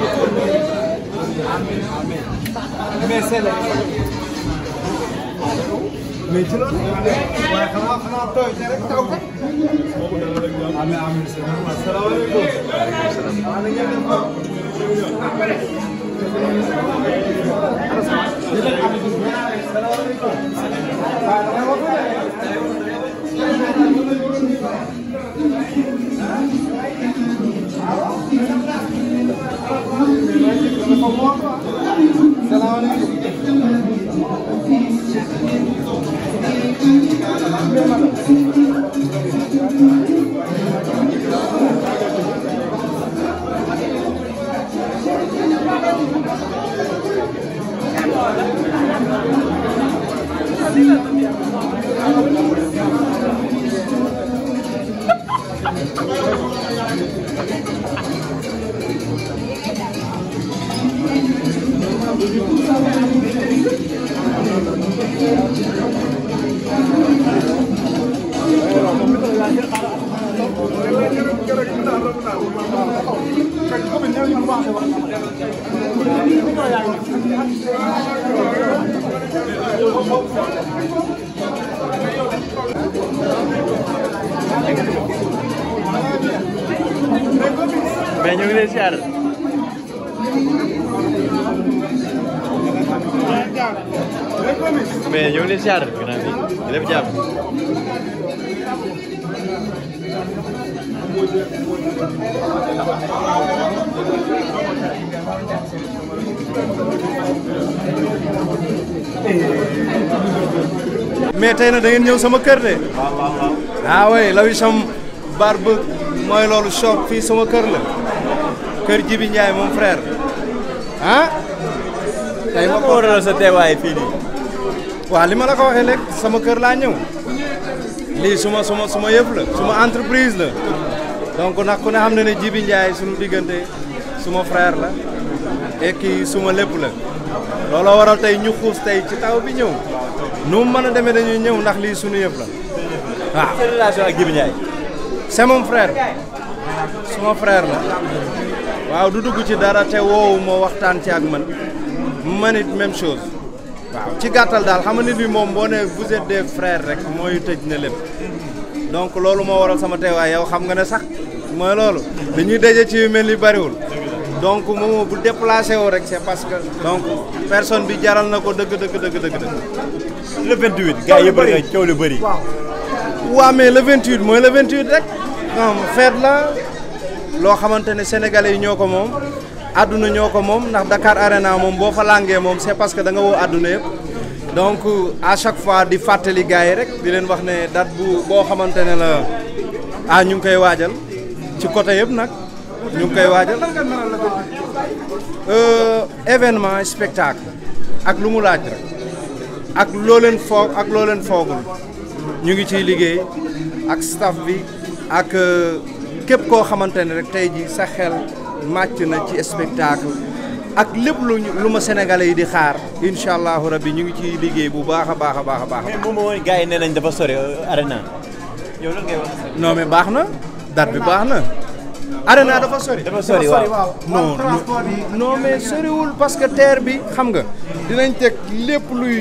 amiin amiin mais seen mais ci loolu waaye xanaa xanaa tooy te rek taw amiin amiin salaamaaleykum maa ngi leen di ko ñu ngi lay ziar. mais tey nag da ngeen ñëw sama kër de. waaw waaw waaw. ah oui Lawisam Barbe mooy loolu shop sama kër la. kër Jibi Ndiaye moom frère ah tey ma ko waral sa teewaay fii nii waaw li ma la ko waxee léegi sama kër laa ñëw lii suma suma suma yëf la suma entreprise la donc nag ku ne am na ne Jibi Ndiaye suñu diggante suma frère la et ki suma lepp la lolo waral tay ñu xoos tay ci taw bi ñëw nu mëna démé dañu demee ñëw ndax li suñu yëf la waaw. relation ak Jibi c'est mon frère suma frère la. waaw du dugg ci dara te woowu moo waxtaan ci ak man man it même chose waaw ci gàttal daal xam nga moom boo ne vous êtes des rek mooy tëj na lépp donc loolu moo waral sama teewaay yow xam nga ne sax mooy loolu dañuy daje ci mel ni bariwul donc moom bu déplacé rek c'est parce que donc personne bi jaral na ko dëgg dëgg dëgg dëgg dëgg. le 28 gars yi bëri coow lu bëri. waaw mais le 28 mooy la le 28 rek non la. loo xamante ne sénégalais yi ñoo ko moom àdduna ñoo ko moom ndax Dakar Arena moom boo fa làngee moom c'est parce que da nga woo àdduna yëpp donc à chaque fois di fàttali gars yi rek di leen wax ne date bu boo xamante ne la ah ñu ngi koy waajal ci côté yëpp nag ñu ngi koy waajal euh, événement spectacle ak lu mu laaj rek ak loo foog ak loo leen foogul ñu ngi ciy liggéey ak staff bi ak. Euh, képp koo xamante ne rek tey ji sa xel màcc na ci spectacle ak lépp lu lu ma sénégalais yi di xaar incha allahu rabbi ñu ngi ciy liggéey bu baax a baax a baax a baax. mais moom mooy gars yi nee nañ dafa sori euh, arena. yow baax na date bi baax na. arena dafa sori dafa sori waaw non non soriwul parce que terre bi xam nga. dinañ teg lépp luy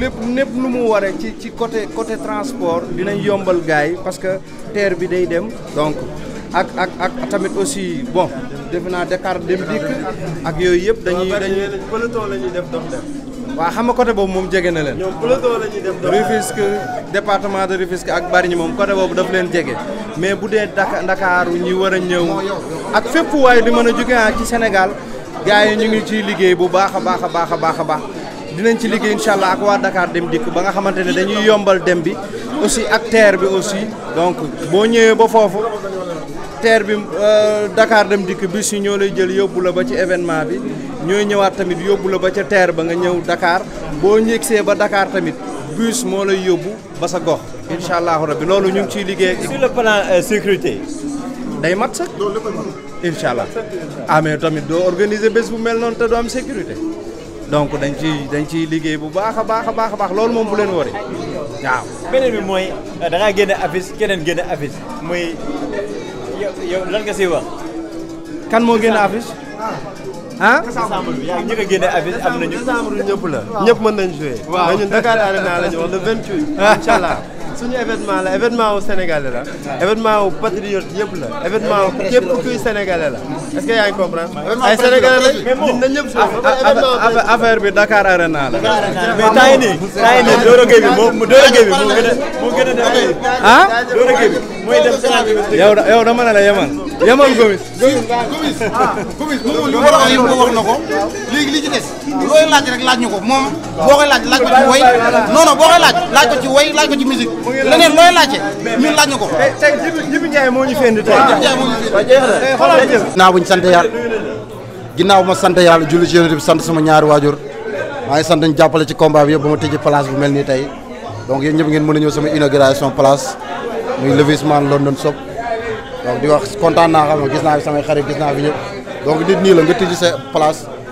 lépp népp lu mu waree ci ci côté côté transport dinañ yombal gars yi parce que terre bi day dem donc. ak ak ak tamit aussi bon defe naa Dakar dem dikk ak yooyu yëpp dañuy dañuy peloton la ñuy def dox dem waaw xam nga boobu moom jege na leen ñoom peloton la ñuy def département de Rufisque ak bari Bargny moom côté boobu daf leen jege mais bu dee Ndakaaru ñi war a ñëw ak fépp waaye li mën a jóge ah ci Sénégal gars yi ñu ngi ciy liggéey bu baax a baax a baax a baax a baax dinañ ci liggéey incha allah ak waa dakaar dem dikk ba nga xamante ne dañuy yombal dem bi aussi ak terre bi aussi donc boo ñëwee ba foofu teer bi euh, dakaar dem dikk bis yi ñoo lay jël yóbbu la ba ci événement bi ñooy ñëwaat tamit yóbbu la ba ca teer ba nga ñëw dakaar boo ñëgsee ba dakaar tamit bus moo lay yóbbu ba sa gox incha allahu rabbi loolu ñu ngi ciy liggéey. sur le plan euh, sécurité. day mat sax incha allah ah mais tamit doo organiser bés bu mel noonu te doo am sécurité donc dañ ciy dañ ciy liggéey bu baax a baax a baax a baax loolu moom bu leen wari waaw. beneen bi mooy euh, da génn génne affiche keneen génne affiche yow lan nga siy wax. kan moo génn affiche. ah. yaa ngi njëkk a génne affiche am nañu. décembre ñëpp la. ñëpp mën nañu joué. waaw ñun Dakar Arena la ñu wax le 28. incha allah. suñu événement la événement wu sénégalais la événement wu patriote la événement wu képp kuy sénégalais la est que yaa ngi comprendre. ay sénégalais la ñun dañ ñëpp affaire bi Dakar Arena la. mais temps yii nii moo Doro Gueye moo gën a moo gën a def. ah Doro Gueye la yemal yemal Gomis. Ah, looy laaj rek laaj ñu ko moom boo koy laaj laaj ko ci woy non non boo koy laaj laaj ko ci woy laaj ko ci musique leneen looy laaj ko. tey tey Djibi Ndiaye moo ñu fendi tey. ginnaaw bu ñu sant yàlla ginnaaw bu ma sant yàlla julli ci yonent bi sant sama ñaari waajur maa ngi sant ñu jàppale ci combat bi yëpp ba ma tëjee place bu mel nii tey donc yéen ñëpp ngeen mën a ñëw sama inauguration place muy levissement London Shop donc di wax kontaan naa xam nga gis naa fi samay xarit gis naa fi ñëpp donc nit nii nga tëj sa place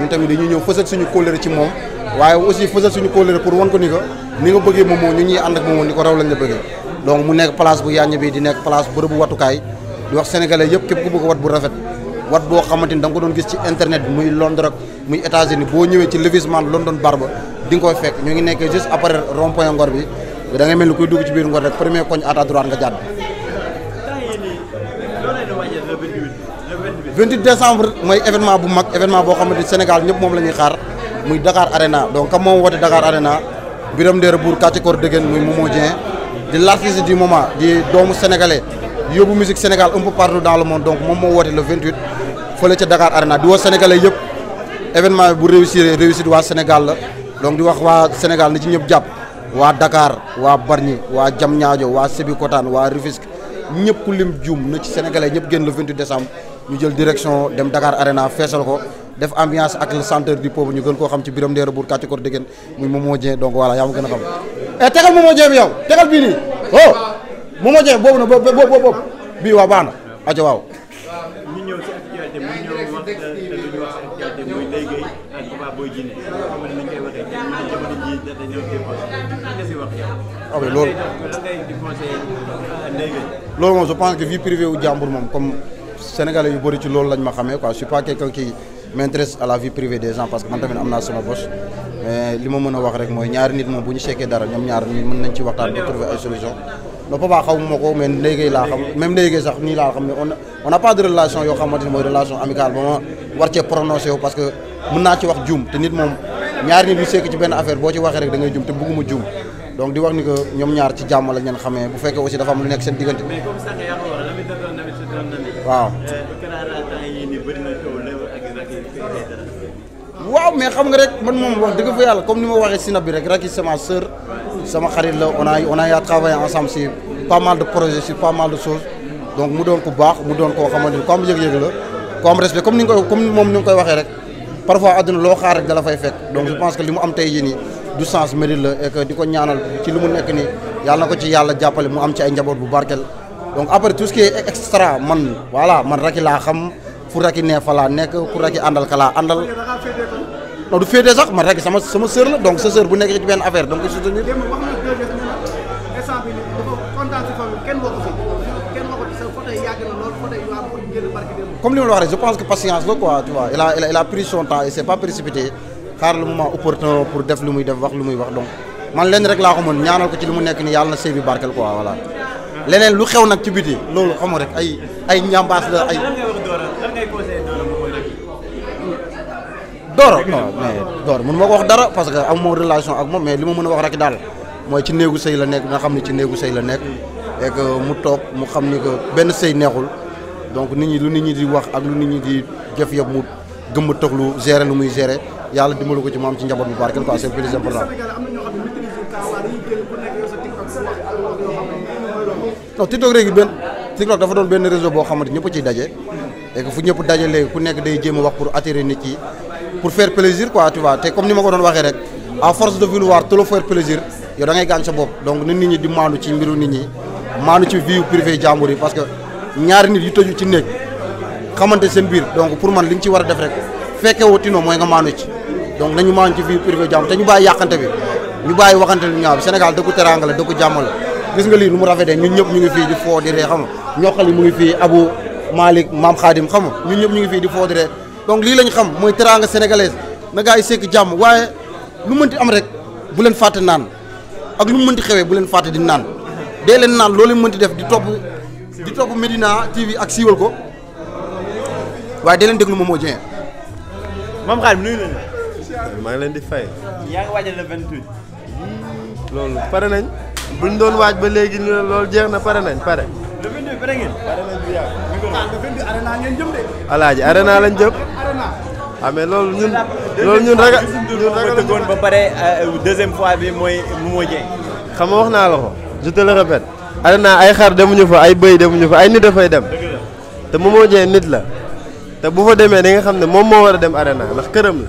ñun tamit dañuy ñëw fësal suñu colère ci mom waye aussi fësal suñu colère pour won ko niko ni nga bëggé mom ñu ñi and ak mom niko raw lañ la donc mu nekk place bu yañ bi di nekk place watu kay di wax sénégalais yëpp képp ku bëgg wat bu rafet wat bo xamanteni ni da nga ko doon gis ci internet muy Londres ak muy États-Unis bo ñëwé ci Levi's Man London barba di nga koy fekk ñu ngi nekk juste après rond point Ngor bi da ngay melni koy dugg ci biir Ngor rek premier koñ à droite nga jadd 28 décembre mooy événement bu mag événement boo xamante Sénégal ñëpp moom la ñuy xaar muy Dakar Arena donc comme moom woote Dakar Arena Birame Ndéer Bour kàcce koor dëggeen muy Momo Dieng di l'artiste du moment di doomu sénégalais yóbbu musique Sénégal un peu partout dans le monde donc moom moo woote le 28 fële ca Dakar Arena di woo sénégalais yëpp événement bu réussir réussite waa Sénégal la donc di wax waa Sénégal na ci ñëpp jàpp waa dakaar waa Bargny waa ñaajo waa Sébikotane waa Rufisque ñëpp ku lim juum na ci sénégalais ñëpp génn le 28 décembre. ñu jël direction dem dakaar Arena feesal ko def ambiance ak le centre du peuple ñu gën koo xam ci biram ndeera buur kàcci kor dégéen muy Momo donc voilà yaa ma gën a xam e tegal Momo Dieng bi tegal bii nii oh Momo boobu na boobu bii waaw baax na aco waaw loolu loolu moom je pense que vie privée wu jàmbur moom comme sénégalais yu bëri ci loolu lañ ma xamé quoi je suis pas quelqu'un qui m'intéresse à la vie privée des gens parce que man tamit am naa sama bos mais li ma mën a wax rek mooy ñaari nit moom bu ñu sekkee dara ñoom ñaar nit mën nañ ci waxtaan ba trouver ay solution loolu Papa xaw ma ko mais léegi laa xam même léegi sax nii laa xam ne on on n'a pas de relation yoo xamante ne mooy relation amicale ba ma war cee prononcé parce que mën naa ci wax juum te nit moom ñaari nit ñu sekk ci benn affaire boo ci waxee rek da ngay juum te bëgguma juum donc di wax ni que ñoom ñaar ci jàmm lañ leen xamee bu fekkee aussi dafa am lu nekk seen diggante waaw. mais xam nga rek man moom wax dëgg fa yàlla comme ni ma waxee Sina bi rek Racky c'est ma sœur sama xarit la on a on a travaillé ensemble si pas mal de projets sur pas mal de choses donc mu doon ku baax mu doon koo xamante ni ku am yëg la ku respect comme ni comme moom ni nga koy waxee rek parfois àdduna loo xaar rek dala fay fekk donc je pense que li am tey jii du sens mérite la et que di ko ñaanal ci li mu nekk nii yàlla na ko ci yàlla jàppale mu am ci ay njaboot bu barkeel. donc après tout ce qui extra man voilà man raki laa xam fu raki nee fa nekk ku raki àndal ka laa àndal non du féetee sax man raki sama sama sœur la donc sa sœur bu nekk ci benn affaire donc soutenir comme li ma la wax rek je pense que patience la quoi tu vois a il a, il temps et précipité xaar le moment opportun pour def lu muy def wax lu muy wax donc man leen rek laa ko mën ñaanal ko ci li mu nekk ni yàlla na sëy bi barkel quoi voilà leneen lu xew nag ci biti loolu xam rek ay ay njàmbaas la ay. Doro non mais Doro mënu ma ko wax dara parce que am moo relation ak moom mais li ma mën a wax rek daal mooy ci néegu sëy la nekk nga xam ni ci néegu sëy la nekk et que mu toog mu xam ni benn sëy neexul donc nit ñi lu nit ñi di wax ak lu nit ñi di jëf yëpp mu gëmm a toog lu gérer lu muy gérer yàlla dimbalu ko ci mu am ci njaboot bu barkeel quoi c'est plus important. non TikTok léegi benn TikTok dafa doon benn réseau boo xamante ñëpp ciy daje. et que fu ñëpp daje léegi ku nekk day jéem a wax pour attirer nit yi pour faire plaisir quoi te comme ni ma ko doon waxee rek à force de vouloir te le faire plaisir yow da ngay gaañ sa bopp donc na nit ñi di maandu ci mbiru nit ñi ci vie privée jàmbur yi parce que ñaari nit yu tëju ci néeg xamante seen biir donc pour man li nga ci war a def rek fekke woo tinoo mooy nga maandu ci donc nañu maandu ci vie privée jàmbur te Sénégal dëkku teraanga la dëkku jàmm gis nga lii nu mu rafetee ñun ñëpp ñu ngi fii di foo di ree xam mu ngi fii Abou Malick Maam Khadim xam nga ñun ñëpp ñu ngi fii di foo di ree donc lii lañ xam mooy teraanga sénégalaise na gaa yi sekk jàmm waaye lu mënti am rek bu leen fàtte naan ak lu mu mënti xewee bu leen fàtte di naan dee leen naan loolu mënti def di topp di topp Medina TV ak siiwal ko waaye dee leen déglu Momo Dieng. Maam Khadim nuyu ngi leen di fay. yaa ngi pare nañ. buñ doon waaj ba léegi ñu loolu jeex na pare nañ pare. le 22 pare arena lañ jëm. ah loolu ñun. loolu ñun ragal ñun ragal tëggoon ba pare euh, euh, deuxième fois bi mooy mu xam nga wax naa la ko. je te le répète. arena ay xar demuñu fa ay bëy demuñu fa ay nit dafay dem. te mu moo jeex nit la. te bu fa demee da nga xam ne moom moo war a dem arena ndax këram la.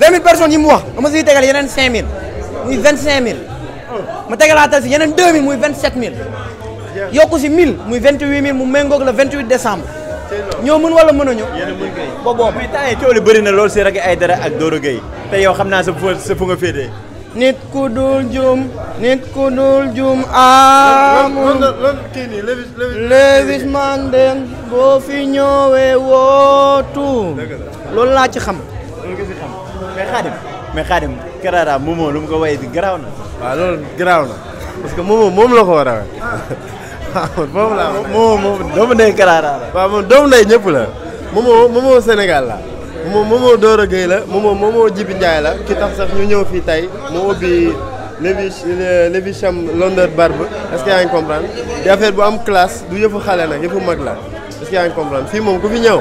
vingt mille personnes yi mu wax dama ci tégal yenen 5000 muy 25000 cinq mille ma tegalaatal ci yenen 2000 muy 27000 sept mille yokku 1000 mille muy 28000 mu mengok le 28 décembre ño mën wala mëna ñu bo bo mais temps yi coow na lool ci rek ay dara ak Doro gay te yow xamna sa sa fu nga féetee nit ku dul jum nit ku dul jum amul Lewis den bo fi ñëwee wootu lool la ci xam xaadim mais xaadim Karara Momo lu parce que Momo moom la ko war a moom la Momo moom doomu ndey Karara la. waaw moom doomu ndey ñëpp la Momo Momo Sénégal la Momo Momo Doro Gueye la Momo Momo Jibi Ndiaye la ki tax sax ñu ñëw fii tey mu ubbi Levi Levi London Barbe est que yaa ngi comprendre di affaire bu am classe du yëfu xale nag yëfu mag la est que yaa fii moom ku fi ñëw.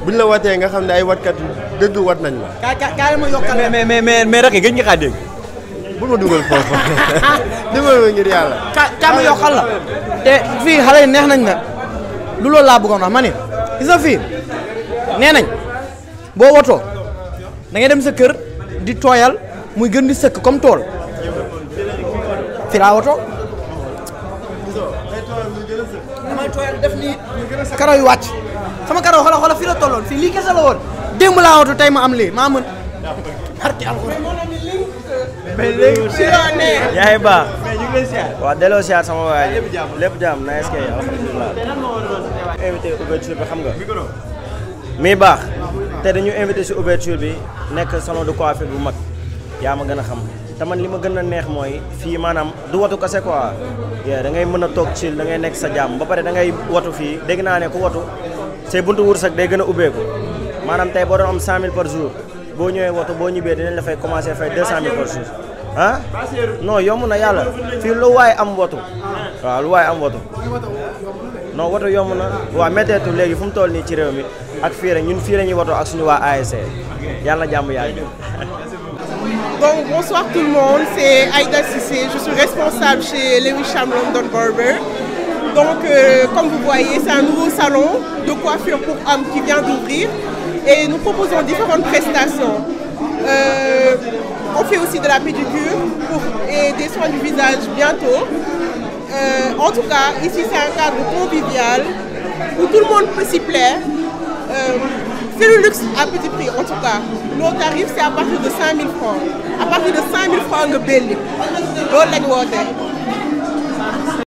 bu buñ la watee nga xam ne ay watkat dëgg wat nañ la. kaay kaay ma yokkal mais mais mais mais mais Racky gëj nga kaa dégg. bu ma dugal foofu dimbal ma ngir yàlla. ka kaay yokkal la. te fii xale yi neex nañ na lu loolu laa bëggoon wax ma ne gis nga fii nee nañ boo watoo da dem sa kër di tooyal muy gën di sëkk comme tool fi laa watoo. damay tooyal def yu wàcc. sama karaw xoolal xoolal fii la tolloon fii lii kese la woon démb laa watu tey ma am lii maa mën. yaay ba. mais delloo siyaar sama waa ji. lépp jàmm na est que alhamdulilah. invité xam nga. mi baax. te dañu invité si ouverture bi nekk salon de coiffure bu mag yaa ma gën a xam. te li ma gën a neex mooy fii maanaam du watu ko quoi. da ngay mën a toog ci da ngay nekk sa jàmm ba pare dangay ngay watu fii dégg naa ne ku watu say buntu wursak day gën a ubbeeku maanaam tey boo doon am 100000 par jour boo ñëwee woto boo ñibbee dinañ la fay commencé fay 200000 par jour ah non yomb na yàlla fii lu waaye am woto waaw lu waaye am woto non woto yomb na waa métteetu léegi fu mu toll nii ci réew mi ak fii rek ñun fii la ñuy woto ak suñu waa ASC yàlla jàmm yàgg Donc bonsoir tout le monde, c'est Aïda Sissé, je responsable chez Lewis London Barber. Donc, euh, comme vous voyez, c'est un nouveau salon de coiffure pour hommes qui vient d'ouvrir et nous proposons différentes prestations. Euh, on fait aussi de la pédicure pour, et des soins du visage bientôt. Euh, en tout cas, ici c'est un cadre convivial où tout le monde peut s'y plaire. c'est le luxe à petit prix en tout cas. Nos tarifs c'est à partir de 5000 francs. À partir de 5000 francs, de belli.